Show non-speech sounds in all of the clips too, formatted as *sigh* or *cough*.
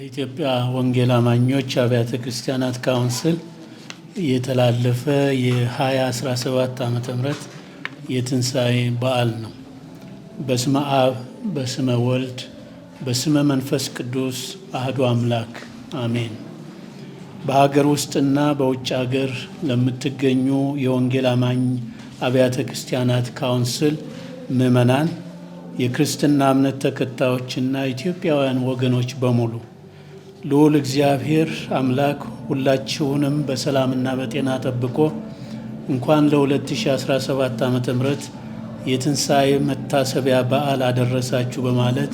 ከኢትዮጵያ ወንጌል አማኞች አብያተ ክርስቲያናት ካውንስል የተላለፈ የ2017 ም የትንሣኤ በዓል ነው። በስመ አብ በስመ ወልድ በስመ መንፈስ ቅዱስ አህዱ አምላክ አሜን። በሀገር ውስጥና በውጭ ሀገር ለምትገኙ የወንጌል አማኝ አብያተ ክርስቲያናት ካውንስል ምዕመናን የክርስትና እምነት ተከታዮችና ኢትዮጵያውያን ወገኖች በሙሉ ልዑል እግዚአብሔር አምላክ ሁላችሁንም በሰላምና በጤና ጠብቆ እንኳን ለ2017 ዓ ም የትንሣኤ መታሰቢያ በዓል አደረሳችሁ በማለት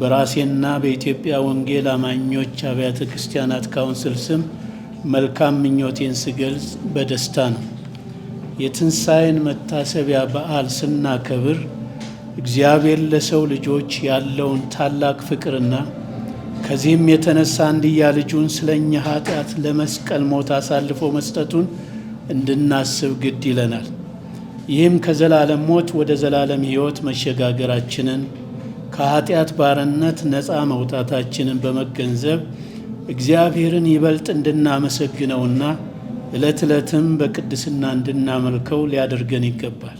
በራሴና በኢትዮጵያ ወንጌል አማኞች አብያተ ክርስቲያናት ካውንስል ስም መልካም ምኞቴን ስገልጽ በደስታ ነው። የትንሣኤን መታሰቢያ በዓል ስናከብር እግዚአብሔር ለሰው ልጆች ያለውን ታላቅ ፍቅርና ከዚህም የተነሳ አንድያ ልጁን ስለ እኛ ኃጢአት ለመስቀል ሞት አሳልፎ መስጠቱን እንድናስብ ግድ ይለናል። ይህም ከዘላለም ሞት ወደ ዘላለም ሕይወት መሸጋገራችንን ከኃጢአት ባርነት ነፃ መውጣታችንን በመገንዘብ እግዚአብሔርን ይበልጥ እንድናመሰግነውና ዕለት ዕለትም በቅድስና እንድናመልከው ሊያደርገን ይገባል።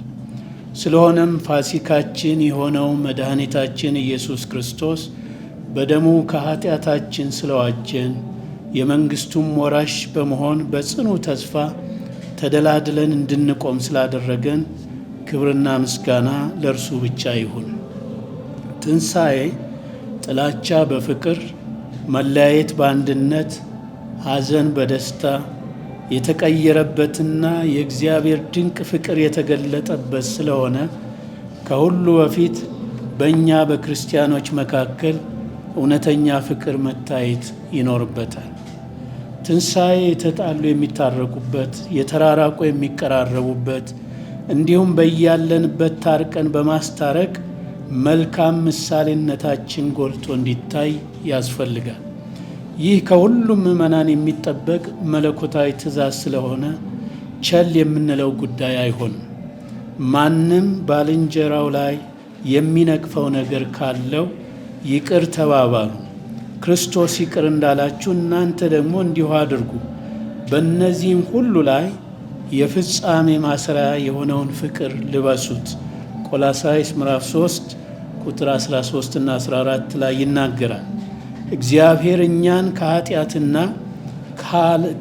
ስለሆነም ፋሲካችን የሆነው መድኃኒታችን ኢየሱስ ክርስቶስ በደሙ ከኃጢአታችን ስለዋጀን የመንግሥቱም ወራሽ በመሆን በጽኑ ተስፋ ተደላድለን እንድንቆም ስላደረገን ክብርና ምስጋና ለእርሱ ብቻ ይሁን። ትንሣኤ ጥላቻ በፍቅር፣ መለያየት በአንድነት፣ ሐዘን በደስታ የተቀየረበትና የእግዚአብሔር ድንቅ ፍቅር የተገለጠበት ስለሆነ ከሁሉ በፊት በእኛ በክርስቲያኖች መካከል እውነተኛ ፍቅር መታየት ይኖርበታል። ትንሣኤ የተጣሉ የሚታረቁበት፣ የተራራቁ የሚቀራረቡበት እንዲሁም በያለንበት ታርቀን በማስታረቅ መልካም ምሳሌነታችን ጎልቶ እንዲታይ ያስፈልጋል። ይህ ከሁሉም ምዕመናን የሚጠበቅ መለኮታዊ ትእዛዝ ስለሆነ ቸል የምንለው ጉዳይ አይሆንም። ማንም ባልንጀራው ላይ የሚነቅፈው ነገር ካለው ይቅር ተባባሉ። ክርስቶስ ይቅር እንዳላችሁ እናንተ ደግሞ እንዲሁ አድርጉ። በእነዚህም ሁሉ ላይ የፍጻሜ ማሰሪያ የሆነውን ፍቅር ልበሱት። ቆላሳይስ ምዕራፍ 3 ቁጥር 13 እና 14 ላይ ይናገራል። እግዚአብሔር እኛን ከኃጢአትና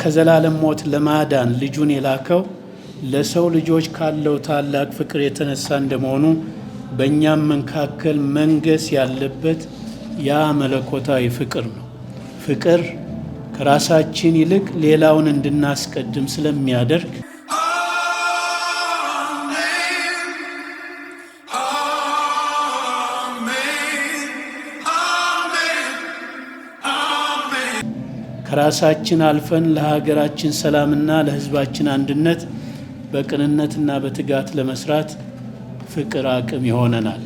ከዘላለም ሞት ለማዳን ልጁን የላከው ለሰው ልጆች ካለው ታላቅ ፍቅር የተነሳ እንደመሆኑ በእኛም መካከል መንገስ ያለበት ያ መለኮታዊ ፍቅር ነው። ፍቅር ከራሳችን ይልቅ ሌላውን እንድናስቀድም ስለሚያደርግ ከራሳችን አልፈን ለሀገራችን ሰላምና ለሕዝባችን አንድነት በቅንነትና በትጋት ለመስራት ፍቅር አቅም ይሆነናል።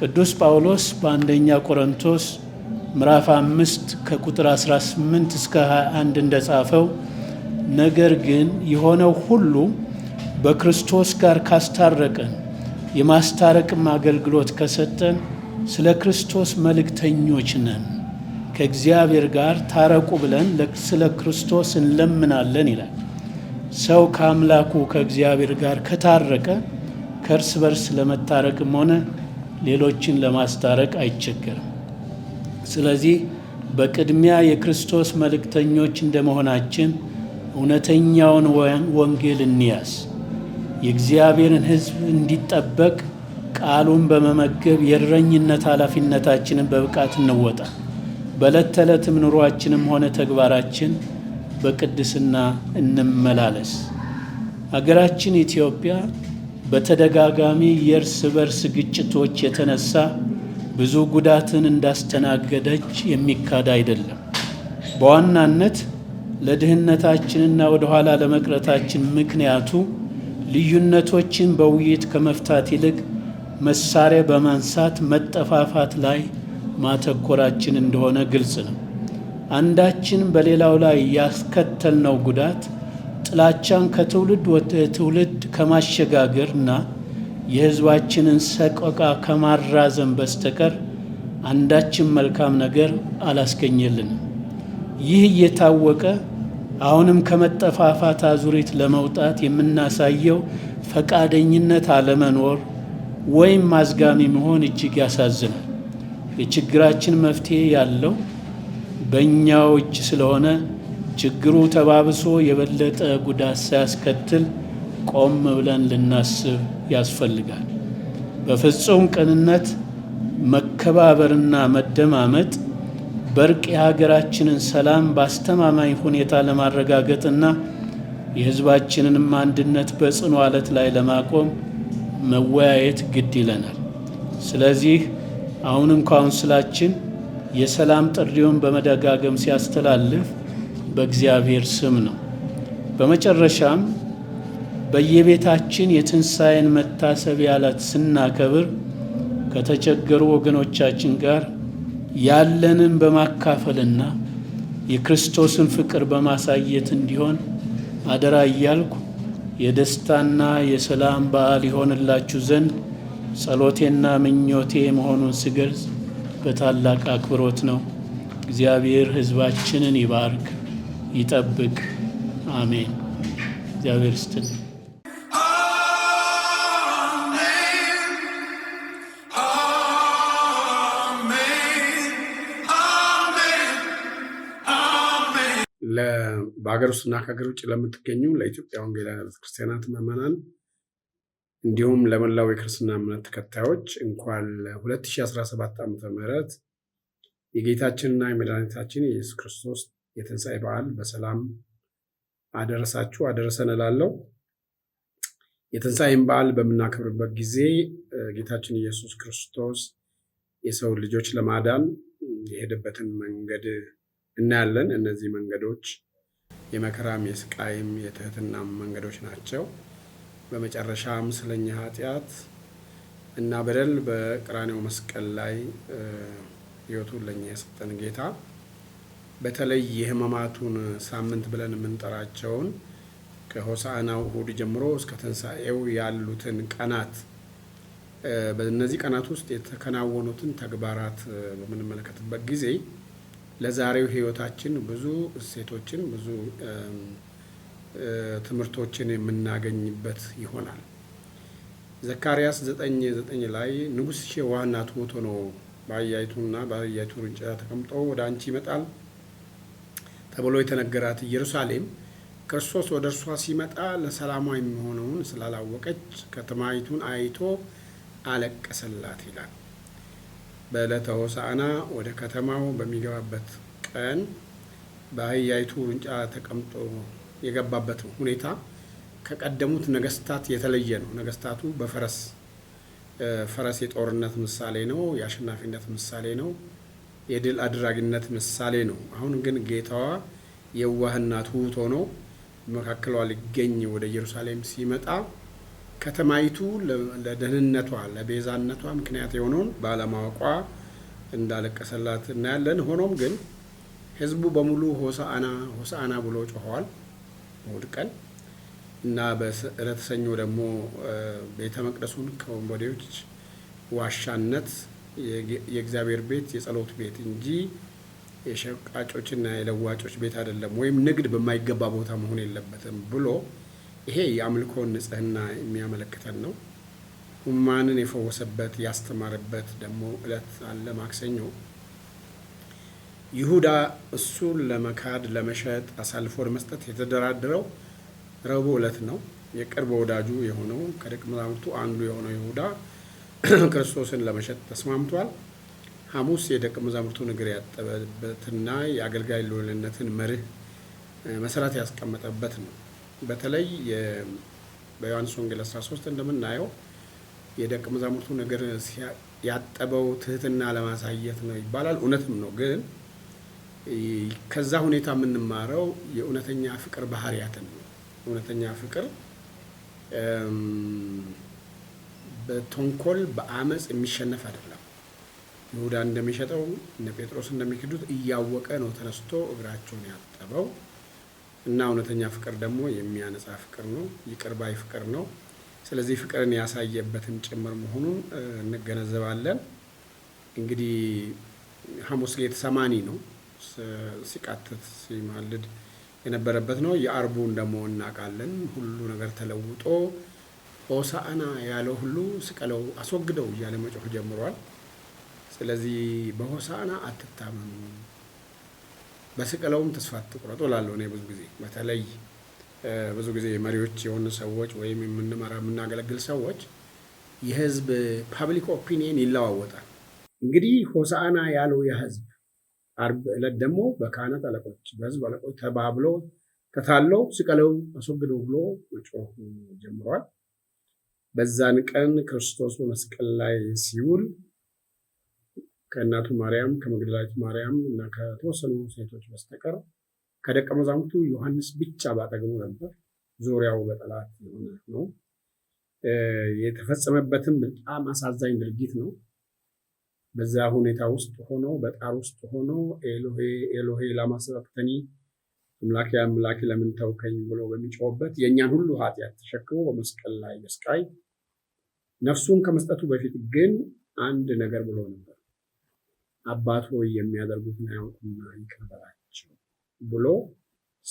ቅዱስ ጳውሎስ በአንደኛ ቆሮንቶስ ምዕራፍ አምስት ከቁጥር 18 እስከ 21 እንደጻፈው ነገር ግን የሆነው ሁሉ በክርስቶስ ጋር ካስታረቀን የማስታረቅም አገልግሎት ከሰጠን ስለ ክርስቶስ መልእክተኞች ነን። ከእግዚአብሔር ጋር ታረቁ ብለን ስለ ክርስቶስ እንለምናለን ይላል። ሰው ከአምላኩ ከእግዚአብሔር ጋር ከታረቀ ከእርስ በርስ ለመታረቅም ሆነ ሌሎችን ለማስታረቅ አይቸገርም። ስለዚህ በቅድሚያ የክርስቶስ መልእክተኞች እንደመሆናችን እውነተኛውን ወንጌል እንያዝ። የእግዚአብሔርን ሕዝብ እንዲጠበቅ ቃሉን በመመገብ የእረኝነት ኃላፊነታችንን በብቃት እንወጣ። በዕለት ተዕለትም ኑሯችንም ሆነ ተግባራችን በቅድስና እንመላለስ። አገራችን ኢትዮጵያ በተደጋጋሚ የእርስ በርስ ግጭቶች የተነሳ ብዙ ጉዳትን እንዳስተናገደች የሚካድ አይደለም። በዋናነት ለድህነታችንና ወደ ኋላ ለመቅረታችን ምክንያቱ ልዩነቶችን በውይይት ከመፍታት ይልቅ መሳሪያ በማንሳት መጠፋፋት ላይ ማተኮራችን እንደሆነ ግልጽ ነው። አንዳችን በሌላው ላይ ያስከተልነው ጉዳት ጥላቻን ከትውልድ ወደ ትውልድ እና የህዝባችንን ሰቆቃ ከማራዘም በስተቀር አንዳችን መልካም ነገር አላስገኘልንም። ይህ እየታወቀ አሁንም ከመጠፋፋት አዙሪት ለመውጣት የምናሳየው ፈቃደኝነት አለመኖር ወይም ማዝጋሚ መሆን እጅግ ያሳዝናል። የችግራችን መፍትሄ ያለው በእኛው እጅ ስለሆነ ችግሩ ተባብሶ የበለጠ ጉዳት ሳያስከትል ቆም ብለን ልናስብ ያስፈልጋል። በፍጹም ቅንነት መከባበርና መደማመጥ በርቅ የሀገራችንን ሰላም በአስተማማኝ ሁኔታ ለማረጋገጥና የሕዝባችንንም አንድነት በጽኑ አለት ላይ ለማቆም መወያየት ግድ ይለናል። ስለዚህ አሁንም ካውንስላችን የሰላም ጥሪውን በመደጋገም ሲያስተላልፍ በእግዚአብሔር ስም ነው። በመጨረሻም በየቤታችን የትንሣኤን መታሰቢያ ዕለት ስናከብር ከተቸገሩ ወገኖቻችን ጋር ያለንን በማካፈልና የክርስቶስን ፍቅር በማሳየት እንዲሆን አደራ እያልኩ የደስታና የሰላም በዓል ይሆንላችሁ ዘንድ ጸሎቴና ምኞቴ መሆኑን ስገልጽ በታላቅ አክብሮት ነው። እግዚአብሔር ሕዝባችንን ይባርክ። ይጠብቅ። አሜን። እግዚአብሔር ስትል በሀገር ውስጥና ከሀገር ውጭ ለምትገኙ ለኢትዮጵያ ወንጌላውያን ቤተክርስቲያናት ምዕመናን እንዲሁም ለመላው የክርስትና እምነት ተከታዮች እንኳን ለ2017 ዓ ም የጌታችንና የመድኃኒታችን የኢየሱስ ክርስቶስ የትንሣኤ በዓል በሰላም አደረሳችሁ አደረሰን እላለሁ። የትንሣኤን በዓል በምናከብርበት ጊዜ ጌታችን ኢየሱስ ክርስቶስ የሰው ልጆች ለማዳን የሄደበትን መንገድ እናያለን። እነዚህ መንገዶች የመከራም የስቃይም የትህትናም መንገዶች ናቸው። በመጨረሻም ስለኛ ኃጢአት እና በደል በቀራንዮው መስቀል ላይ ሕይወቱን ለኛ የሰጠን ጌታ በተለይ የህማማቱን ሳምንት ብለን የምንጠራቸውን ከሆሳዕናው እሁድ ጀምሮ እስከ ትንሣኤው ያሉትን ቀናት በእነዚህ ቀናት ውስጥ የተከናወኑትን ተግባራት በምንመለከትበት ጊዜ ለዛሬው ህይወታችን ብዙ እሴቶችን ብዙ ትምህርቶችን የምናገኝበት ይሆናል። ዘካርያስ ዘጠኝ ዘጠኝ ላይ ንጉሥ ሼዋህና ትሑት ሆኖ በአህያይቱና በአህያይቱ ውርንጫ ተቀምጦ ወደ አንቺ ይመጣል ተብሎ የተነገራት ኢየሩሳሌም ክርስቶስ ወደ እርሷ ሲመጣ ለሰላሟ የሚሆነውን ስላላወቀች ከተማይቱን አይቶ አለቀሰላት ይላል። በዕለተ ሆሳዕና ወደ ከተማው በሚገባበት ቀን በአህያይቱ ውርንጫ ተቀምጦ የገባበት ሁኔታ ከቀደሙት ነገስታት የተለየ ነው። ነገስታቱ በፈረስ ፈረስ የጦርነት ምሳሌ ነው፣ የአሸናፊነት ምሳሌ ነው። የድል አድራጊነት ምሳሌ ነው። አሁን ግን ጌታዋ የዋህና ትሑት ሆኖ መካከሏ ሊገኝ ወደ ኢየሩሳሌም ሲመጣ ከተማይቱ ለደህንነቷ ለቤዛነቷ ምክንያት የሆነውን ባለማወቋ እንዳለቀሰላት እናያለን። ሆኖም ግን ህዝቡ በሙሉ ሆሳአና ሆሳአና ብሎ ጮኸዋል እሑድ ቀን እና በዕለተ ሰኞ ደግሞ ቤተ መቅደሱን ከወንበዴዎች ዋሻነት የእግዚአብሔር ቤት የጸሎት ቤት እንጂ የሸቃጮችና የለዋጮች ቤት አይደለም፣ ወይም ንግድ በማይገባ ቦታ መሆን የለበትም ብሎ ይሄ የአምልኮን ንጽህና የሚያመለክተን ነው። ሁማንን የፈወሰበት ያስተማረበት ደግሞ እለት አለ ማክሰኞ። ይሁዳ እሱን ለመካድ ለመሸጥ አሳልፎ ለመስጠት የተደራደረው ረቡዕ እለት ነው። የቅርብ ወዳጁ የሆነው ከደቀ መዛሙርቱ አንዱ የሆነው ይሁዳ *clears throat* ክርስቶስን ለመሸጥ ተስማምቷል። ሐሙስ የደቀ መዛሙርቱን እግር ያጠበበትና የአገልጋይ ልዑልነትን መርህ መሰረት ያስቀመጠበት ነው። በተለይ በዮሐንስ ወንጌል 13 እንደምናየው የደቀ መዛሙርቱን እግር ያጠበው ትህትና ለማሳየት ነው ይባላል። እውነትም ነው። ግን ከዛ ሁኔታ የምንማረው የእውነተኛ ፍቅር ባህሪያትን ነው። እውነተኛ ፍቅር በተንኮል በአመፅ የሚሸነፍ አይደለም። ይሁዳ እንደሚሸጠው እነ ጴጥሮስ እንደሚክዱት እያወቀ ነው ተነስቶ እግራቸውን ያጠበው እና እውነተኛ ፍቅር ደግሞ የሚያነጻ ፍቅር ነው፣ ይቅርባይ ፍቅር ነው። ስለዚህ ፍቅርን ያሳየበትን ጭምር መሆኑን እንገነዘባለን። እንግዲህ ሐሙስ ሌት ሰማኒ ነው ሲቃትት ሲማልድ የነበረበት ነው። የአርቡን ደግሞ እናውቃለን። ሁሉ ነገር ተለውጦ ሆሳዕና ያለው ሁሉ ስቀለው፣ አስወግደው እያለ መጮህ ጀምሯል። ስለዚህ በሆሳዕና አትታመኑ፣ በስቀለውም ተስፋ አትቁረጡ እላለሁ እኔ ብዙ ጊዜ በተለይ ብዙ ጊዜ መሪዎች የሆኑ ሰዎች ወይም የምንመራ የምናገለግል ሰዎች የህዝብ ፓብሊክ ኦፒኒየን ይለዋወጣል። እንግዲህ ሆሳዕና ያለው የህዝብ አርብ ዕለት ደግሞ በካህናት አለቆች፣ በህዝብ አለቆች ተባብሎ ተታለው ስቀለው፣ አስወግደው ብሎ መጮህ ጀምሯል። በዛን ቀን ክርስቶስ በመስቀል ላይ ሲውል ከእናቱ ማርያም ከመግደላዊት ማርያም እና ከተወሰኑ ሴቶች በስተቀር ከደቀ መዛሙርቱ ዮሐንስ ብቻ ባጠገቡ ነበር። ዙሪያው በጠላት የሆነ ነው። የተፈጸመበትም በጣም አሳዛኝ ድርጊት ነው። በዛ ሁኔታ ውስጥ ሆኖ በጣር ውስጥ ሆኖ ኤሎሄ ኤሎሄ ላማ አምላክ አምላኬ ለምን ተውከኝ ብሎ በሚጮህበት የእኛን ሁሉ ኃጢአት ተሸክሞ በመስቀል ላይ ያስቃይ ነፍሱን ከመስጠቱ በፊት ግን አንድ ነገር ብሎ ነበር። አባት ሆይ የሚያደርጉትን አያውቁምና ይቅር በላቸው ብሎ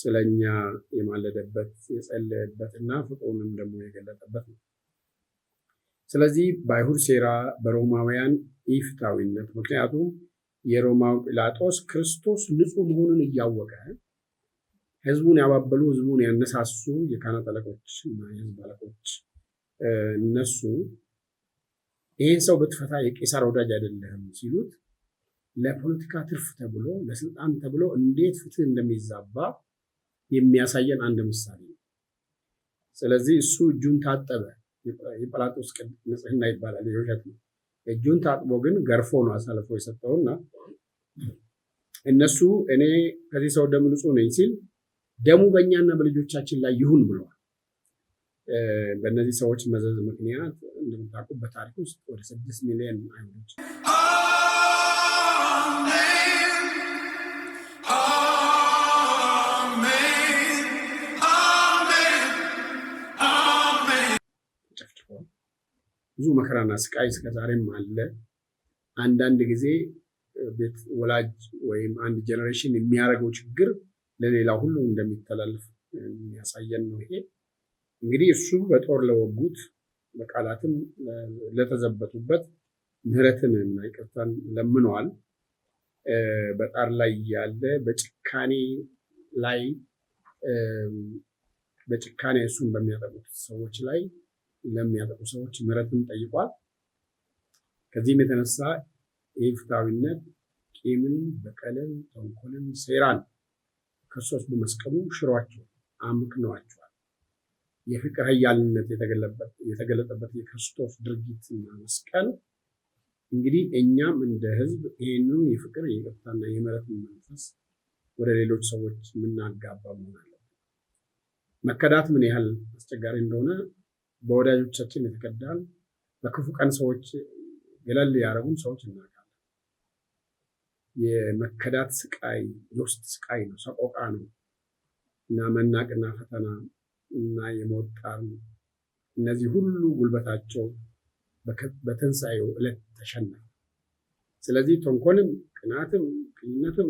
ስለኛ የማለደበት የጸለየበትና ፍቅሩንም ደግሞ የገለጠበት ነው። ስለዚህ በአይሁድ ሴራ፣ በሮማውያን ኢፍታዊነት ምክንያቱም የሮማው ጲላጦስ ክርስቶስ ንጹሕ መሆኑን እያወቀ ህዝቡን ያባበሉ ህዝቡን ያነሳሱ የካህናት አለቆች እና የህዝብ አለቆች እነሱ ይህን ሰው ብትፈታ የቄሳር ወዳጅ አይደለህም ሲሉት ለፖለቲካ ትርፍ ተብሎ ለስልጣን ተብሎ እንዴት ፍትህ እንደሚዛባ የሚያሳየን አንድ ምሳሌ ነው። ስለዚህ እሱ እጁን ታጠበ። የጲላጦስ ንጽህና ይባላል፣ የውሸት ነው። እጁን ታጥቦ ግን ገርፎ ነው አሳልፎ የሰጠውና እነሱ እኔ ከዚህ ሰው ደም ንጹሕ ነኝ ሲል ደሙ በእኛና በልጆቻችን ላይ ይሁን ብለዋል። በእነዚህ ሰዎች መዘዝ ምክንያት እንደምታውቁ በታሪክ ውስጥ ወደ ስድስት ሚሊዮን አይሁዶች ብዙ መከራና ስቃይ እስከዛሬም አለ። አንዳንድ ጊዜ ቤት ወላጅ ወይም አንድ ጀኔሬሽን የሚያደርገው ችግር ለሌላ ሁሉ እንደሚተላለፍ የሚያሳየን ነው። ይሄ እንግዲህ እሱ በጦር ለወጉት በቃላትም ለተዘበቱበት ምሕረትን እና ይቅርታን ለምነዋል። በጣር ላይ ያለ በጭካኔ ላይ በጭካኔ እሱን በሚያጠቁት ሰዎች ላይ ለሚያጠቁ ሰዎች ምሕረትን ጠይቋል። ከዚህም የተነሳ ይህ ፍትሐዊነት ቂምን፣ በቀልን፣ ተንኮልን፣ ሴራን ክርስቶስ በመስቀሉ ሽሯቸው አምክነዋቸዋል። የፍቅር ኃያልነት የተገለጠበት የክርስቶስ ድርጊትና መስቀል እንግዲህ እኛም እንደ ሕዝብ ይህንን የፍቅር የይቅርታና የምሕረትን መንፈስ ወደ ሌሎች ሰዎች የምናጋባ መሆን አለብን። መከዳት ምን ያህል አስቸጋሪ እንደሆነ በወዳጆቻችን የተከዳል፣ በክፉ ቀን ሰዎች ገለል ያደረጉን ሰዎች እናውቃለን። የመከዳት ስቃይ የውስጥ ስቃይ ነው፣ ሰቆቃ ነው እና መናቅና ፈተና እና የሞት ጣር ነው። እነዚህ ሁሉ ጉልበታቸው በትንሣኤው ዕለት ተሸነፈ። ስለዚህ ተንኮልም፣ ቅናትም፣ ቅኝነትም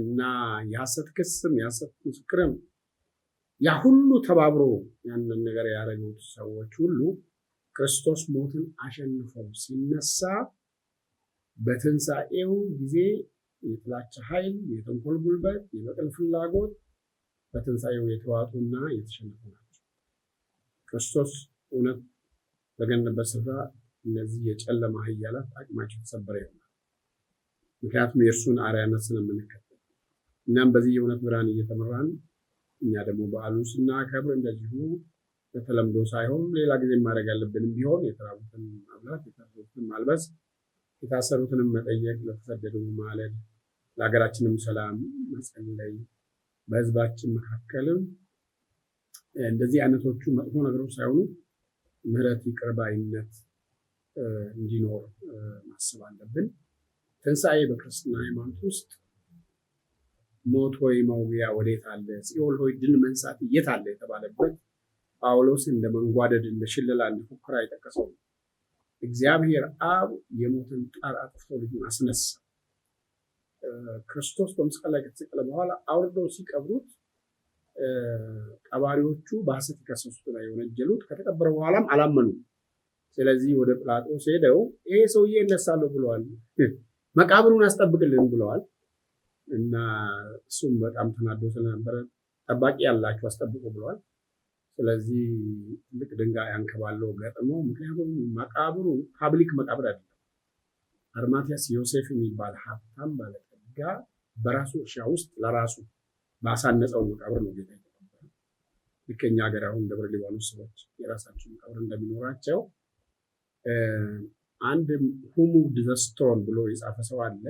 እና የሐሰት ክስም የሐሰት ምስክርም ያ ሁሉ ተባብሮ ያንን ነገር ያደረጉት ሰዎች ሁሉ ክርስቶስ ሞትን አሸንፎ ሲነሳ በትንሣኤው ጊዜ የጥላቻ ኃይል፣ የተንኮል ጉልበት፣ የበቀል ፍላጎት በትንሣኤው የተዋጡና የተሸነፉ ናቸው። ክርስቶስ እውነት በገነበት ስፍራ እነዚህ የጨለማ ኃያላት አቅማቸው የተሰበረ ይሆናል። ምክንያቱም የእርሱን አርያነት ስለምንከተል እናም በዚህ የእውነት ብርሃን እየተመራን እኛ ደግሞ በዓሉን ስናከብር እንደዚሁ በተለምዶ ሳይሆን ሌላ ጊዜ ማድረግ ያለብንም ቢሆን የተራቡትን ማብላት የታረዙትን ማልበስ የታሰሩትንም መጠየቅ፣ ለተሰደዱ ማለድ፣ ለሀገራችንም ሰላም መጸለይ፣ በህዝባችን መካከልም እንደዚህ አይነቶቹ መጥፎ ነገሮች ሳይሆኑ ምሕረት ይቅርባይነት እንዲኖር ማሰብ አለብን። ትንሣኤ በክርስትና ሃይማኖት ውስጥ ሞት ሆይ መውጊያ ወዴት አለ፣ ሲኦል ሆይ ድል መንሳት የት አለ የተባለበት ጳውሎስ እንደ መንጓደድ፣ እንደ ሽለላ፣ እንደ ፉከራ የጠቀሰው እግዚአብሔር አብ የሞትን ቃል አጥፍቶ ልጁን አስነሳ። ክርስቶስ በመስቀል ላይ ከተሰቀለ በኋላ አውርደው ሲቀብሩት ቀባሪዎቹ በሐሰት ከሰሱ ላይ የወነጀሉት ከተቀበረ በኋላም አላመኑም። ስለዚህ ወደ ጲላጦስ ሄደው ይሄ ሰውዬ እነሳለሁ ብለዋል፣ መቃብሩን አስጠብቅልን ብለዋል እና እሱም በጣም ተናዶ ስለነበረ ጠባቂ ያላችሁ አስጠብቁ ብለዋል። ስለዚህ ትልቅ ድንጋይ አንከባለው ገጥሞ፣ ምክንያቱም መቃብሩ ፓብሊክ መቃብር አይደለም። አርማቲያስ ዮሴፍ የሚባል ሀብታም ባለጠጋ በራሱ እርሻ ውስጥ ለራሱ ባሳነፀው መቃብር ነው ጌታ የተቀበረ። ልክ እኛ ሀገር አሁን ደብረ ሊባኖስ ሰዎች የራሳቸው መቃብር እንደሚኖራቸው አንድ ሁሙ ድዘስቶን ብሎ የጻፈ ሰው አለ።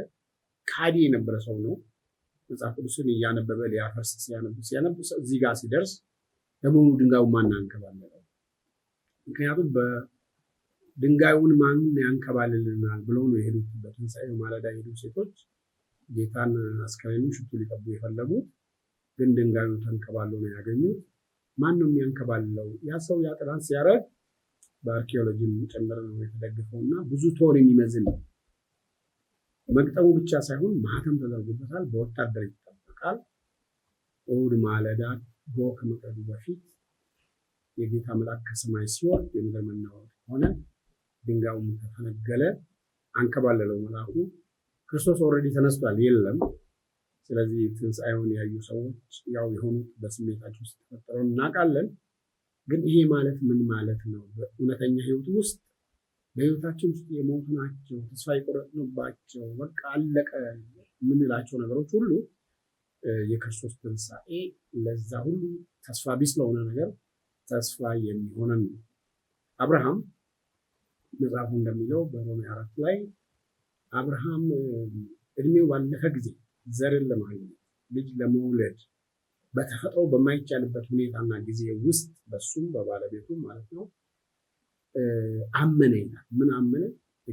ካዲ የነበረ ሰው ነው። መጽሐፍ ቅዱስን እያነበበ ሊያፈርስ ሲያነብ ሲያነብ እዚህ ጋር ሲደርስ ለመሆኑ ድንጋዩ ማን ያንከባለለው? ምክንያቱም በድንጋዩን ማን ያንከባልልናል ብለው ነው የሄዱት። በትንሣኤው ማለዳ የሄዱ ሴቶች ጌታን አስከሬኑ ሽቱ ሊቀቡ የፈለጉት ግን ድንጋዩ ተንከባሎ ነው ያገኙት። ማን ነው የሚያንከባልለው? ያ ሰው ያ ጥናት ሲያደርግ በአርኪኦሎጂ ጭምር ነው የተደግፈው እና ብዙ ቶን የሚመዝን ነው። መግጠሙ ብቻ ሳይሆን ማህተም ተደርጎበታል። በወታደር ይጠበቃል። እሑድ ማለዳ ጎህ ከመቅረቡ በፊት የጌታ መልአክ ከሰማይ ሲወርድ የምድር መናወጥ ሆነ፣ ድንጋዩም ተፈነገለ፣ አንከባለለው። መልአኩ ክርስቶስ ኦልሬዲ ተነስቷል የለም። ስለዚህ ትንሣኤውን ያዩ ሰዎች ያው የሆኑት በስሜታቸው ውስጥ ተፈጠረው እናውቃለን። ግን ይሄ ማለት ምን ማለት ነው? በእውነተኛ ህይወት ውስጥ በህይወታችን ውስጥ የሞቱ ናቸው ተስፋ የቆረጥንባቸው በቃ አለቀ የምንላቸው ነገሮች ሁሉ የክርስቶስ ትንሣኤ ለዛ ሁሉ ተስፋ ቢስ ለሆነ ነገር ተስፋ የሚሆነን ነው። አብርሃም መጽሐፉ እንደሚለው በሮሜ አራት ላይ አብርሃም እድሜው ባለፈ ጊዜ ዘርን ለማግኘት ልጅ ለመውለድ በተፈጥሮ በማይቻልበት ሁኔታና ጊዜ ውስጥ በሱም በባለቤቱ ማለት ነው አመነ ይላል። ምን አመነ?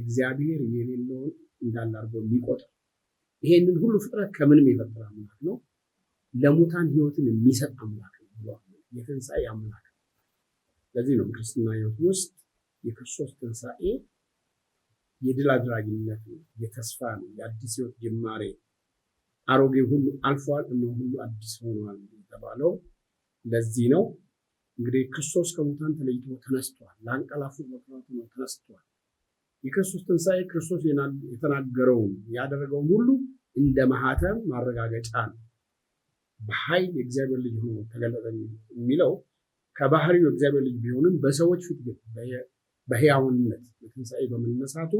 እግዚአብሔር የሌለውን እንዳለ አድርጎ የሚቆጥር ይሄንን ሁሉ ፍጥረት ከምንም የፈጠረ አምላክ ነው። ለሙታን ህይወትን የሚሰጥ አምላክ ነው የትንሣኤ አምላክ ነው። ለዚህ ነው ክርስትና ህይወት ውስጥ የክርስቶስ ትንሣኤ የድል አድራጊነት ነው፣ የተስፋ ነው፣ የአዲስ ህይወት ጅማሬ አሮጌ ሁሉ አልፏል፣ እነሆ ሁሉ አዲስ ሆኗል የተባለው ለዚህ ነው። እንግዲህ ክርስቶስ ከሙታን ተለይቶ ተነስቷል። ለአንቀላፉ መቅረቱ ነው ተነስቷል። የክርስቶስ ትንሣኤ ክርስቶስ የተናገረውን ያደረገውን ሁሉ እንደ ማህተም ማረጋገጫ ነው። በኃይል የእግዚአብሔር ልጅ ሆኖ ተገለጠ የሚለው ከባህሪው የእግዚአብሔር ልጅ ቢሆንም በሰዎች ፊት ግን በሕያውነት በትንሣኤ በመነሳቱ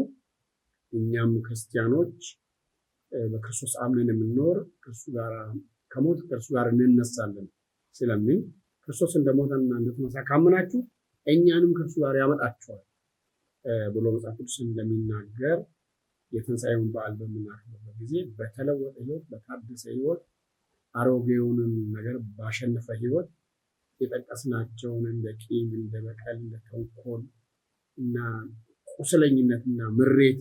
እኛም ክርስቲያኖች በክርስቶስ አምነን የምንኖር ከእርሱ ጋር ከሞት ከእርሱ ጋር እንነሳለን ስለሚል ክርስቶስ እንደሞተና እንደተነሳ ካመናችሁ እኛንም ከእርሱ ጋር ያመጣችኋል ብሎ መጽሐፍ ቅዱስ እንደሚናገር የትንሣኤውን በዓል በምናከብርበት ጊዜ በተለወጠ ህይወት በታደሰ ህይወት አሮጌውንም ነገር ባሸነፈ ህይወት የጠቀስናቸውን እንደ ቂም፣ እንደ በቀል፣ እንደ ተንኮል እና ቁስለኝነትና ምሬት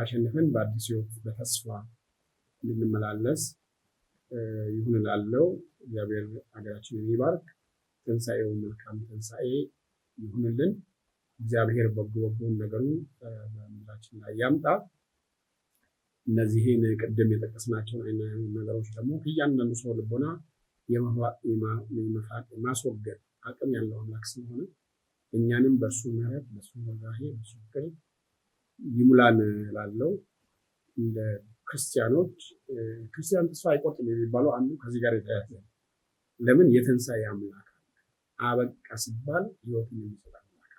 አሸንፈን በአዲስ ህይወት በተስፋ እንድንመላለስ ይሁን እላለሁ። እግዚአብሔር ሀገራችንን ይባርክ። ትንሣኤው መልካም ትንሣኤ ይሁንልን። እግዚአብሔር በጎ በጎን ነገሩ በምድራችን ላይ ያምጣ። እነዚህን ቅድም የጠቀስናቸውን አይነት ነገሮች ደግሞ እያንዳንዱ ሰው ልቦና የመፋቅ የማስወገድ አቅም ያለው አምላክ ስለሆነ እኛንም በእርሱ ምሕረት በእሱ ርኅራኄ በእሱ ፍቅር ይሙላን ላለው እንደ ክርስቲያኖች ክርስቲያን ተስፋ አይቆርጥም የሚባለው አንዱ ከዚህ ጋር የተያያዘ ለምን የትንሣኤ አምላክ አበቃ ሲባል ህይወትን የሚሰጥ አምላክ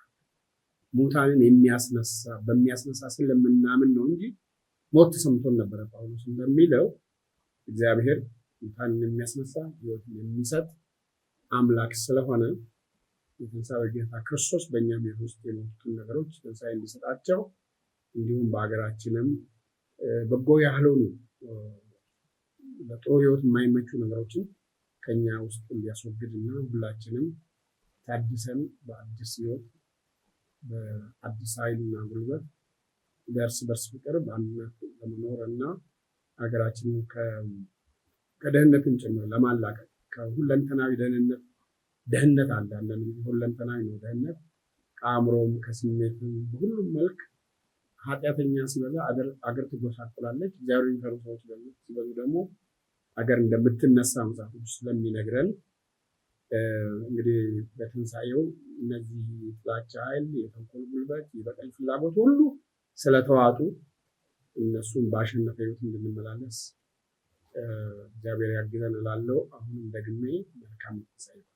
ሙታንን የሚያስነሳ በሚያስነሳ ስለምናምን ነው እንጂ ሞት ተሰምቶን ነበረ ጳውሎስ እንደሚለው እግዚአብሔር ሙታንን የሚያስነሳ ሕይወትን የሚሰጥ አምላክ ስለሆነ የትንሣኤ ጌታ ክርስቶስ በእኛ ቤት ውስጥ የሞቱትን ነገሮች ትንሣኤ እንዲሰጣቸው እንዲሁም በሀገራችንም በጎ ያልሆኑ ለጥሩ ህይወት የማይመቹ ነገሮችን ከኛ ውስጥ እንዲያስወግድ እና ሁላችንም ታድሰን በአዲስ ህይወት በአዲስ ኃይልና ጉልበት በእርስ በርስ ፍቅር በአንድነት ለመኖር እና ሀገራችንን ከደህንነትን ጭምር ለማላቀቅ ከሁለንተናዊ ደህንነት ደህንነት አለ አንዳንድ ሁለንተናዊ ነው ደህንነት ከአእምሮም ከስሜትም በሁሉም መልክ ኃጢአተኛ ሲበዛ አገር ትጎሳቁላለች። እግዚአብሔር የሚፈሩ ሰዎች ሲበዙ ደግሞ አገር እንደምትነሳ መጽሐፍ ቅዱስ ስለሚነግረን እንግዲህ በትንሳኤው እነዚህ ጥላቻ ኃይል፣ የተንኮል ጉልበት፣ የበቀል ፍላጎት ሁሉ ስለተዋጡ እነሱም በአሸናፊ ህይወት እንድንመላለስ እግዚአብሔር ያግዘን እላለሁ። አሁንም ደግሜ መልካም ጊዜ